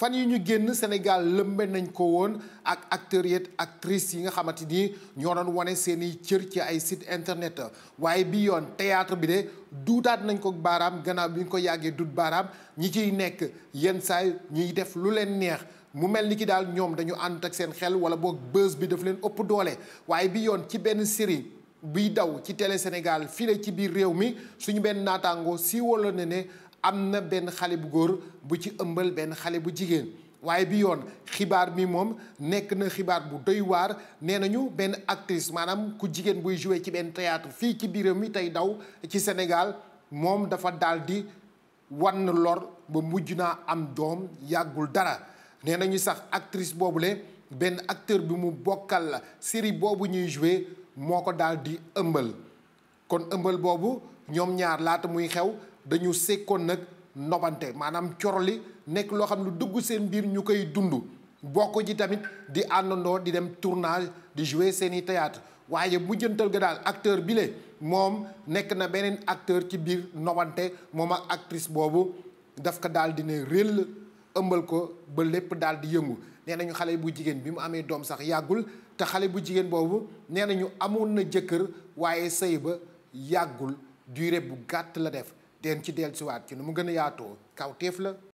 fan yi ñu génn Sénégal lëmbe nañ ko woon ak acteurs yi actrices yi nga xamante ni ñoo doon wane seen i cër ci ay site internet waaye bi yoon théâtre bi de duutaat nañ ko baaraam gannaaw bi ñu ko yàggee dut baaraam ñi ciy nekk yenn saay ñuy def lu leen neex mu mel ni ki daal ñoom dañu ànd ak seen xel wala boog bës bi daf leen ëpp doole waaye bi yoon ci benn série biy daw ci télé Sénégal fii la ci biir réew mi suñu benn naataango siiwal na ne am na benn xale bu góor bu ci ëmbal benn xale bu jigéen waaye bi yoon xibaar bi moom nekk na xibaar bu doy waar nee nañu benn actrice maanaam ku jigéen buy joué ci benn théâtre fii ci biiram mi tey daw ci Sénégal moom dafa daal di wan lor ba mujj naa am doom yàggul dara nee nañu sax actrice boobule benn acteur bi mu bokkal la série boobu ñuy joué moo ko daal di ëmbal kon ëmbal boobu ñoom ñaar laata muy xew dañu sekkoon nag nobante maanaam coroli nekk loo xam lu dugg seen biir ñu koy dund bokk ji tamit di àndandoo di dem tournage di jouer seeni théâtre waaye bu jëntal ga daal acteur bi le moom nekk na beneen acteur ci biir nobante moom ak actrice boobu daf ko daal di ne réel ëmbal ko ba lépp daal di yëngu nee nañu xale bu jigéen bi mu amee doom sax yàggul te xale bu jigéen boobu nee nañu amoon na jëkkër waaye sëy ba yàggul durée bu gàtt la def den ci dellusiwaat ci nu mu gën a yaatoo kaw kawteef la